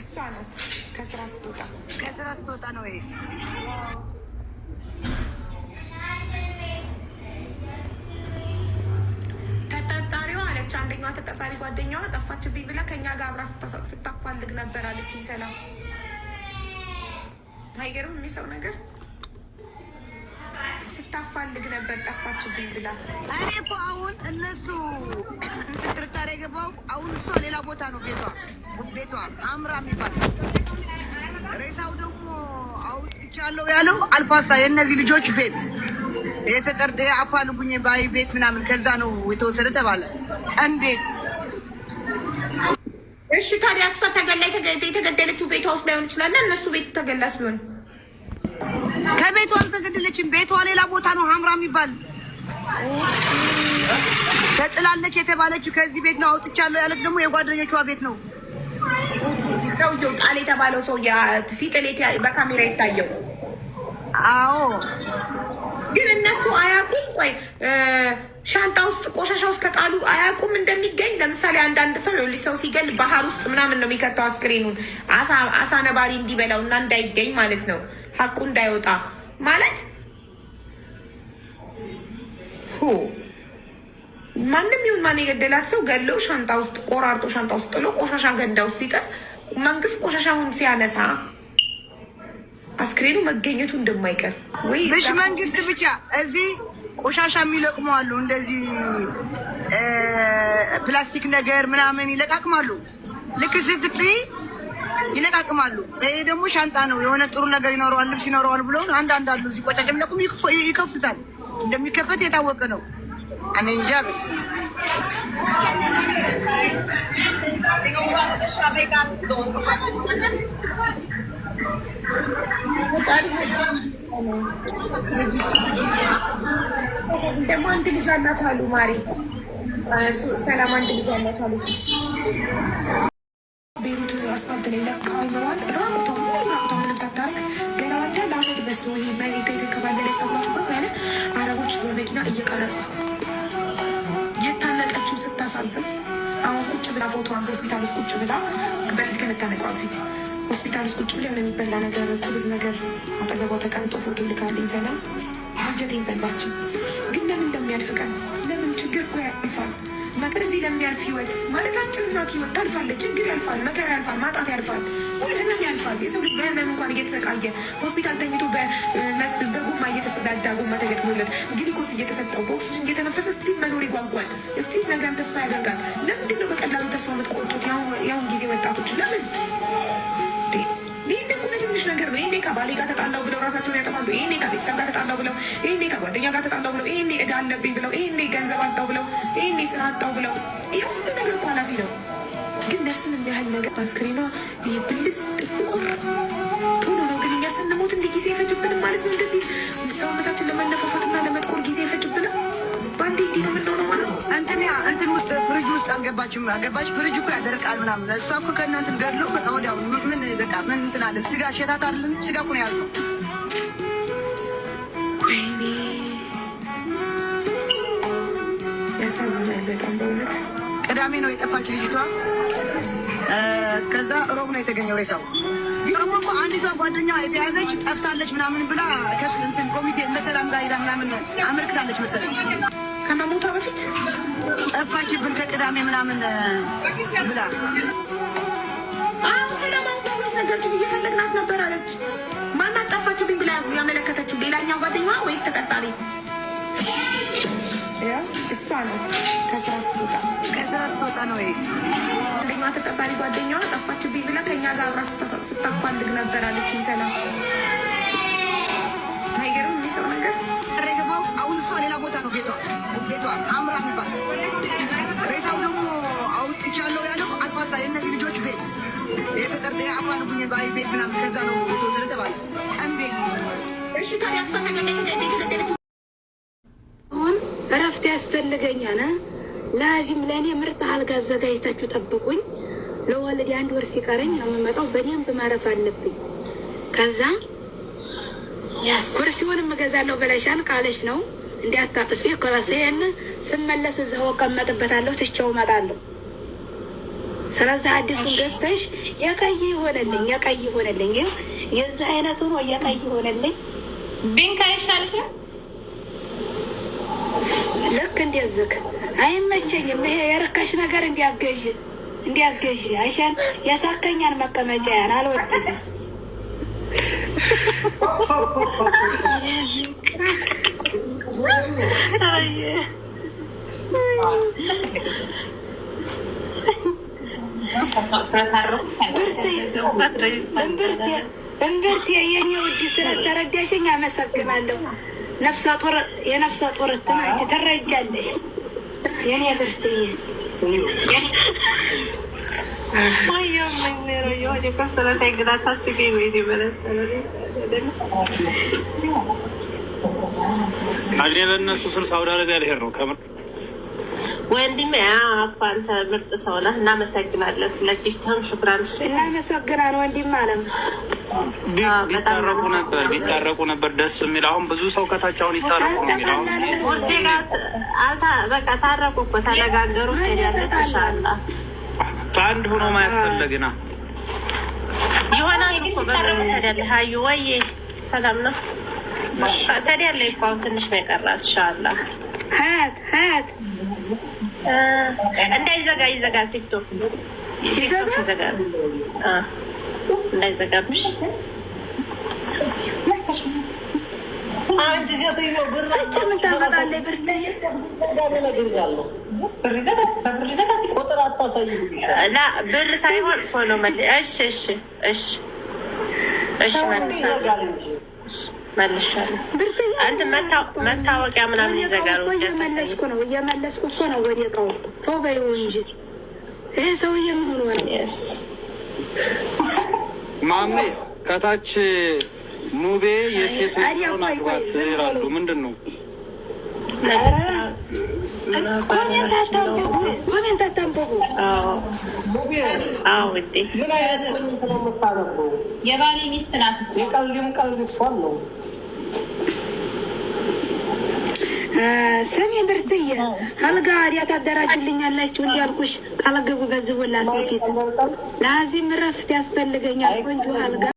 እሷ ናት ከስራ ስትወጣ ከስራ ስትወጣ ነው ይሄ አለች። አንደኛዋ ተጠርጣሪ ጓደኛዋ ጠፋችብኝ ብላ ከኛ ጋር አብራ ስታፋልግ ነበር አለችኝ። ሰላም አይገርም የሚሰው ነገር ስታፋልግ ነበር ጠፋችብኝ ብላ። እኔ እኮ አሁን እነሱ የገባው አሁን እሷ ሌላ ቦታ ነው ቤቷ ቤቷ አምራ የሚባል ሬሳው ደግሞ አውጥቻለሁ ያለው አልፋሳ የእነዚህ ልጆች ቤት የተቀርጠ አፋልጉኝ ባይ ቤት ምናምን ከዛ ነው የተወሰደ ተባለ። እንዴት እሺ ታዲያ እሷ ተገላ የተገደለችው ቤቷ ውስጥ ላይሆን ይችላል። እነሱ ቤት ተገላስ ቢሆን ከቤቷ አልተገደለችም። ቤቷ ሌላ ቦታ ነው ሀምራ የሚባል ተጥላለች የተባለችው ከዚህ ቤት ነው አውጥቻለሁ ያለች ደግሞ የጓደኞቿ ቤት ነው። ሰውየው ጣል የተባለው ሰው ሲጥል በካሜራ ይታየው። አዎ፣ ግን እነሱ አያውቁም። ቆይ ሻንጣ ውስጥ ቆሻሻ ውስጥ ከጣሉ አያውቁም እንደሚገኝ። ለምሳሌ አንዳንድ ሰው የሊ ሰው ሲገል ባህር ውስጥ ምናምን ነው የሚከተው አስክሬኑን አሳ ነባሪ እንዲበላው እና እንዳይገኝ ማለት ነው፣ ሀቁ እንዳይወጣ ማለት ማንም ይሁን ማን የገደላት ሰው ገለው ሻንጣ ውስጥ ቆራርጦ ሻንጣ ውስጥ ጥሎ ቆሻሻ ገንዳ ውስጥ ሲጥል መንግስት ቆሻሻውን ሲያነሳ አስክሬኑ መገኘቱ እንደማይቀር ወይ ብሽ መንግስት ብቻ እዚህ ቆሻሻ የሚለቅመዋሉ እንደዚህ ፕላስቲክ ነገር ምናምን ይለቃቅማሉ። ልክ ስትጥይ ይለቃቅማሉ። ይሄ ደግሞ ሻንጣ ነው። የሆነ ጥሩ ነገር ይኖረዋል፣ ልብስ ይኖረዋል ብሎ አንዳንድ አሉ እዚህ ቆሻሻ የሚለቁም ይከፍቱታል። እንደሚከፈት የታወቀ ነው። እኔ እንጃ ደግሞ አንድ ልጅ አላት አሉ ማሪ ሰላም አንድ ልጅ አላት አሉት። ቤሩት አስፋልት ላይ ለቃ ይኖራል ራቁቶ ምንም ሳታርግ ገና ለአመድ በስሎ ይሄ የተከባለለ ያለ አረቦች በመኪና እየቀረጿት ስታሳዝን አሁን ቁጭ ብላ ፎቶ አንድ ሆስፒታል ውስጥ ቁጭ ብላ በፊት ከመታነቋ በፊት ሆስፒታል ውስጥ ቁጭ ብላ የሆነ የሚበላ ነገር ኩብዝ ነገር አጠገቧ ተቀምጦ ፎቶ ልካለኝ ዘላን አንጀቴን ይበላችም። ግን ለምን እንደሚያልፍ ቀን ለምን ችግር እኮ ያልፋል። እዚህ ለሚያልፍ ህይወት ማለት አጭር ናት። ህይወት ታልፋለች። ችግር ያልፋል፣ መከራ ያልፋል፣ ማጣት ያልፋል፣ ሁሉ ህመም ያልፋል። የሰው ልጅ በህመም እንኳን እየተሰቃየ ሆስፒታል ተኝቶ በጎማ እየተሰዳዳ ጎማ ተገጥሞለት ግሊኮስ እየተሰጠው በኦክሲጅን እየተነፈሰ ስቲል መኖር ይጓጓል። ነገር ተስፋ ያደርጋል። ለምንድን ነው በቀላሉ ተስፋ የምትቆርጡት? ያሁን ጊዜ ወጣቶች ለምን ይህን እኮ ትንሽ ነገር ነው። ይህኔ ከባሌ ጋር ተጣላው ብለው ራሳቸውን ያጠፋሉ። ይህኔ ከቤተሰብ ጋር ተጣላው ብለው፣ ይህኔ ከጓደኛ ጋር ተጣላው ብለው፣ ይህኔ እዳ አለብኝ ብለው፣ ይህኔ ገንዘብ አጣው ብለው፣ ይህኔ ስራ አጣው ብለው፣ ይህ ሁሉ ነገር እኮ ኃላፊ ነው። ግን ነፍስን የሚያህል ነገር አስክሬኗ ይህ ብልስ ጥቁር ቶሎ ነው። ግን እኛ ስንሞት እንዲህ ጊዜ አይፈጅብንም ማለት ነው። እንደዚህ ሰውነታችን ለመነፋፋት ግን ውስጥ ፍሪጅ ውስጥ አልገባችም። አገባች ፍሪጅ እኮ ያደርቃል ምናምን። እሷ እኮ ከእናንትን ገድሎ በቃ ወዲያው ምን በቃ ምን እንትን አለን። ስጋ ሸታት አለን። ስጋ እኮ ነው ያልነው። ቅዳሜ ነው የጠፋች ልጅቷ። ከዛ ሮብ ነው የተገኘው ሬሳው። ደግሞ እኮ አንዲቷ ጓደኛ የተያዘች ጠፍታለች ምናምን ብላ ከስ እንትን ኮሚቴ መሰላም ጋር ሄዳ ምናምን አመልክታለች መሰለኝ ከመሞቷ በፊት ጠፋችብን ከቅዳሜ ምናምን ብላ አሁ ሰላማዊ ፖሊስ ነገርችን እየፈለግናት ነበር አለች። ማናት ጠፋችብኝ ብላ ያመለከተችው ሌላኛው ጓደኛ ወይስ ተጠርጣሪ? እሷ ናት። ከስራ ስትወጣ ከስራ ስትወጣ ነው ጓደኛ አንደኛዋ ተጠርጣሪ ጓደኛዋ ጠፋችብኝ ብላ ከእኛ ጋር አብራ ስታፋልግ ነበር አለች። ሰላም አይገርም ሰው ነገር ያረገበው አሁን እሷ ሌላ ቦታ ነው ቤቷ ቤቷ አምራ የሚባል ሬሳው ደግሞ አውጥቻለሁ ያለው አልባሳ የእነዚህ ልጆች ቤት የተጠርጠ አፋን ቡኝ ባይ ቤት ምናምን ከዛ ነው የተወሰደ ተባለ። እንዴት እሺ ታዲያ እሷ አሁን እረፍት ያስፈልገኛል። ለዚህም ለእኔ ምርጥ አልጋ አዘጋጅታችሁ ጠብቁኝ። ለወልድ አንድ ወር ሲቀረኝ ነው የምመጣው። በደንብ ማረፍ አለብኝ ከዛ ኩርሲውንም እገዛለሁ ብለሻል ካለች ነው እንዲያታጥፊ አታጥፊ። ኩርሲዬን ስመለስ እዛው እቀመጥበታለሁ፣ ትቼው እመጣለሁ። ስለዚህ አዲሱን ገዝተሽ የቀይ ይሆነልኝ፣ የቀይ ይሆነልኝ፣ የዚህ አይነቱ ነው፣ የቀይ ይሆነልኝ። ቢንክ አይሻልሽም? ልክ እንደዚህ አይመቸኝም። ይሄ የርካሽ ነገር እንዲያገዥ እንዲያገዥ አይሻን ያሳከኛል መቀመጫ ያን አልወድም እንብርቴ የኔ ውድ ስለተረዳሽኝ አመሰግናለሁ። ነፍሰ ጡር የነፍሰ ጡር እንትን ትረጃለሽ የኔ ብርትዬ አግኔ ለእነሱ ስል ሳውዲ አረቢያ ልሄድ ነው። ከምር ወንድሜ አንተ ምርጥ ሰው ነህ። እናመሰግናለን ስለ ጊፍትህም ሹክራን። እናመሰግናለን ወንድሜ አለም። ቢታረቁ ነበር ቢታረቁ ነበር ደስ የሚል አሁን ብዙ ሰው ከታች ይታረቁ ነው የሚል በቃ ታረቁ እኮ ተነጋገሩ። ሄዳለች ይሻላል በአንድ ሆኖ ማያስፈለግና ይሆናል እኮ በምን ሀዩ ወይ ሰላም ነው ተደለ እኮ አሁን ትንሽ ነው የቀራት ሻላ ሀያት ሀያት እንዳይዘጋ ይዘጋል ቲክቶክ ቲክቶክ ይዘጋል እንዳይዘጋብሽ ብር ሳይሆን ፎሎ መልሽ። እሺ፣ እሺ፣ እሺ፣ መልሻለሁ። እንትን መታወቂያ ምናምን ይዘጋሉ። እየመለስኩ ነው፣ እየመለስኩ እኮ ነው። ወደ እቃው ተው እንጂ ይሄ ሰውዬ ምን ሆኖ ነው? ማሜ ከታች ሙቤ የሴት ሆን አግባት ይላሉ። ምንድን ነው የባሌ ሚስት ናት። ስሚ ብርትዬ አልጋ አዲያ ታደራጅልኛላችሁ እንዲያልኩሽ ቃል ግቡ። በዚህ ወላ ሰው ፊት እረፍት ያስፈልገኛል። ቆንጆ አልጋ